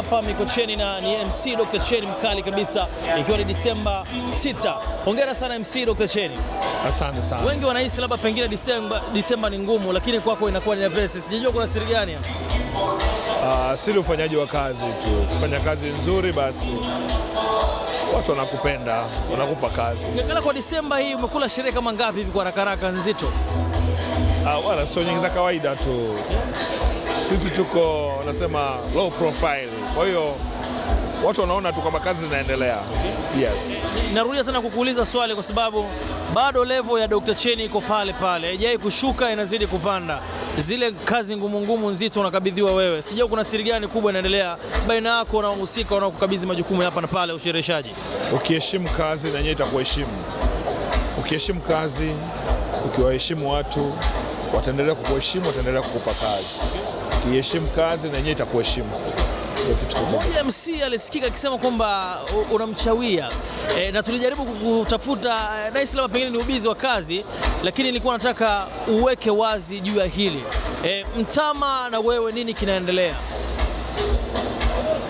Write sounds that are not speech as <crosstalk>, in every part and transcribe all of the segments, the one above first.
hapa Mikocheni na ni MC Dr. Cheni mkali kabisa, ikiwa ni Disemba 6. Hongera sana MC Dr. Cheni. Asante sana. Wengi wanahisi labda pengine Disemba, Disemba ni ngumu, lakini kwako inakuwa ni nyepesi. Sijajua kuna siri gani hapa? Uh, ah, siri ufanyaji wa kazi tu, kufanya kazi nzuri basi watu wanakupenda, wanakupa kazi. Ngakala, kwa Disemba hii umekula sherehe kama ngapi hivi kwa haraka haraka nzito? Uh, wala sio nyingi za kawaida tu, sisi tuko nasema low profile kwa hiyo watu wanaona tu kama kazi zinaendelea. Yes. Narudia tena kukuuliza swali kwa sababu bado level ya Dr. Cheni iko pale pale, haijai kushuka, inazidi kupanda. Zile kazi ngumu ngumu nzito unakabidhiwa wewe, sijau kuna siri gani kubwa inaendelea baina yako na wahusika wanaokukabidhi majukumu hapa na pale ushereheshaji? Ukiheshimu kazi na yeye itakuheshimu, ukiheshimu kazi, ukiwaheshimu watu wataendelea kukuheshimu, wataendelea kukupa kazi. Ukiheshimu kazi na yeye itakuheshimu. Moja MC alisikika akisema kwamba unamchawia e, na tulijaribu kutafuta e, Dais, labda pengine ni ubizi wa kazi, lakini nilikuwa nataka uweke wazi juu ya hili e, Mtama na wewe, nini kinaendelea?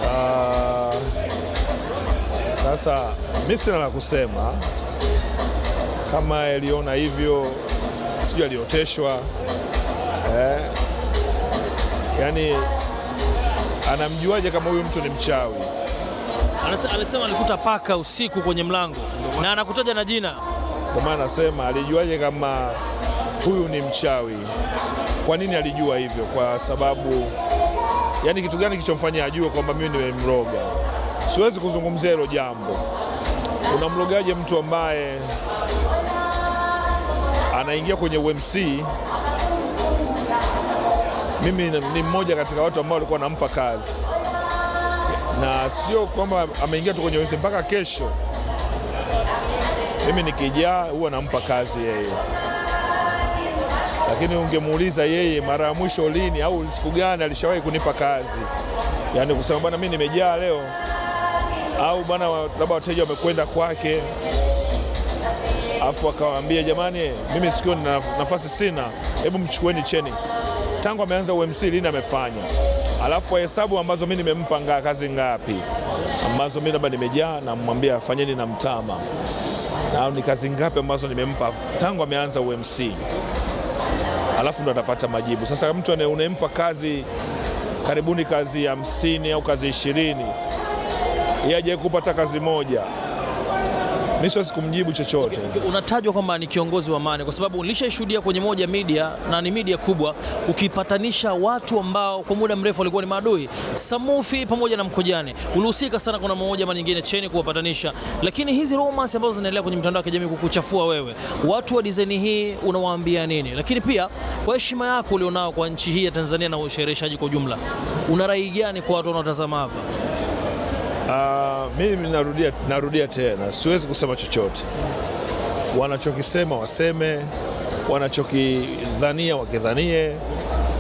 Uh, sasa mimi sina la kusema, kama aliona hivyo sijui alioteshwa eh, yani anamjuaje kama huyu mtu ni mchawi? Alisema alikuta paka usiku kwenye mlango na anakutaja na jina. Kwa maana anasema alijuaje kama huyu ni mchawi? Kwa nini alijua hivyo? Kwa sababu yani, kitu gani kilichomfanya ajue kwamba mimi nimemroga? Siwezi kuzungumzia hilo jambo. Unamrogaje mtu ambaye anaingia kwenye UMC mimi ni mmoja katika watu ambao walikuwa wanampa kazi, na sio kwamba ameingia tu kwenye ofisi mpaka kesho. Mimi nikijaa huwa nampa kazi yeye, lakini ungemuuliza yeye mara ya mwisho lini au siku gani alishawahi kunipa kazi, yaani kusema bwana, mimi nimejaa leo, au bwana, labda wateja wamekwenda kwake afu akawaambia jamani, mimi sikio nafasi sina, hebu mchukueni cheni tangu ameanza UMC lini amefanya, alafu kwa hesabu ambazo mimi nimempa ngaa kazi ngapi ambazo mimi labda nimejaa, namwambia fanyeni na mtama na ni kazi ngapi ambazo nimempa tangu ameanza UMC, alafu ndo atapata majibu. Sasa mtu unempa kazi karibuni kazi hamsini au kazi ishirini, yeye ajaye kupata kazi moja mi siwezi kumjibu chochote. Unatajwa kwamba ni kiongozi wa amani, kwa sababu nilishaishuhudia kwenye moja media na ni media kubwa, ukipatanisha watu ambao kwa muda mrefu walikuwa ni maadui. Samufi pamoja na Mkojani ulihusika sana, kuna mmoja ama nyingine cheni kuwapatanisha, lakini hizi romance ambazo zinaendelea kwenye mitandao ya kijamii kukuchafua wewe, watu wa design hii unawaambia nini? Lakini pia kwa heshima yako ulionao kwa nchi hii ya Tanzania na ushereheshaji kwa ujumla, una rai gani kwa watu wanaotazama hapa? Uh, mimi narudia, narudia tena, siwezi kusema chochote. Wanachokisema waseme, wanachokidhania wakidhanie,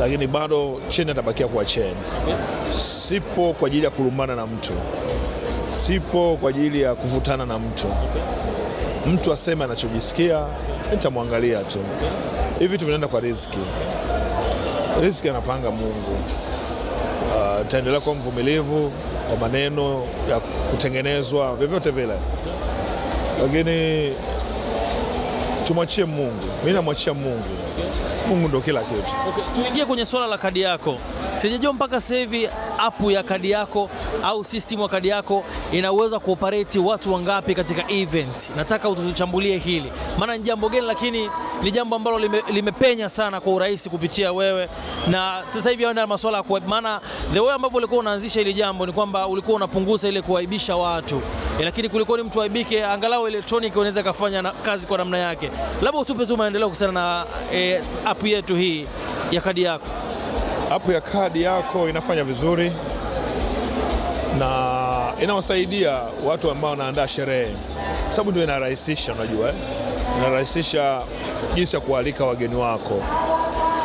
lakini bado cheni atabakia kuwa cheni. Sipo kwa ajili ya kulumbana na mtu, sipo kwa ajili ya kuvutana na mtu. Mtu aseme anachojisikia, nitamwangalia tu. Hivi vitu vinaenda kwa riziki, riziki anapanga Mungu nitaendelea kuwa mvumilivu kwa maneno ya kutengenezwa vyovyote vile, lakini tumwachie Mungu. Mimi namwachia Mungu. Mungu ndo kila kitu. Okay, tuingie kwenye swala la kadi yako. Sijajua mpaka sasa hivi app ya kadi yako au system ya kadi yako ina uwezo wa kuoperate watu wangapi katika event. Nataka utuchambulie hili, maana ni jambo geni, lakini ni jambo ambalo lime, limepenya sana kwa urahisi kupitia wewe, na sasa hivi aenda masuala kuwaibisha. maana the way ambavyo ulikuwa unaanzisha hili jambo ni kwamba ulikuwa unapunguza ile kuwaibisha watu e, lakini ni mtu aibike, angalau electronic unaweza kufanya na, kazi kwa namna yake. Labda utupe tu maendeleo kuhusiana na e, app yetu hii ya kadi yako app ya kadi yako inafanya vizuri na inawasaidia watu ambao wanaandaa sherehe, sababu ndio inarahisisha. Unajua eh? inarahisisha jinsi ya kualika wageni wako.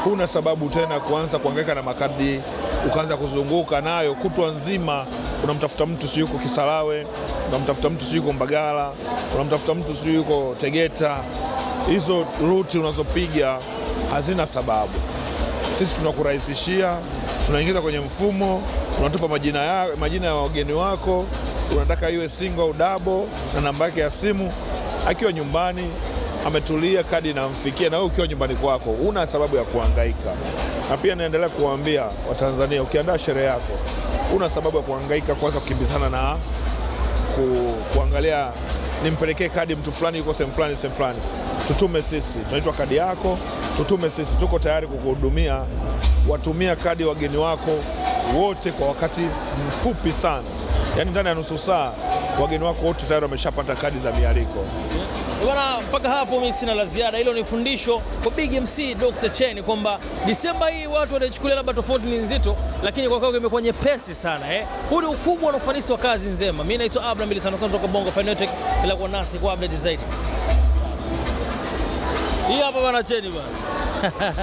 Huna sababu tena kuanza kuangaika na makadi ukaanza kuzunguka nayo kutwa nzima, unamtafuta mtu si yuko Kisarawe, unamtafuta mtu si yuko Mbagala, unamtafuta mtu si yuko Tegeta. Hizo ruti unazopiga hazina sababu sisi tunakurahisishia, tunaingiza kwenye mfumo, unatupa majina ya majina ya wageni wako, unataka iwe single au double na namba yake ya simu. Akiwa nyumbani ametulia, kadi inamfikia, na wewe ukiwa nyumbani kwako una sababu ya kuhangaika. Na pia naendelea kuwaambia Watanzania, ukiandaa sherehe yako una sababu ya kuhangaika, kwanza kukimbizana na ku, kuangalia nimpelekee kadi mtu fulani yuko sehemu fulani sehemu fulani, tutume sisi, tunaitwa kadi yako, tutume sisi, tuko tayari kukuhudumia. Watumia kadi wageni wako wote kwa wakati mfupi sana, yaani ndani ya nusu saa wageni wako wote tayari wameshapata kadi za mialiko. Mpaka hapo mimi sina la ziada. Hilo ni fundisho kwa Big MC Dr. Cheni kwamba Disemba hii watu wanachukulia labda tofauti ni nzito, lakini kwa kwako imekuwa nyepesi sana eh. Huu ni ukubwa na ufanisi wa kazi nzema. Mimi naitwa Abra 255 kutoka Bongo Fanatic, bila kwa nasi kwa update zaidi. Hii hapa bwana Chen bwana. <laughs>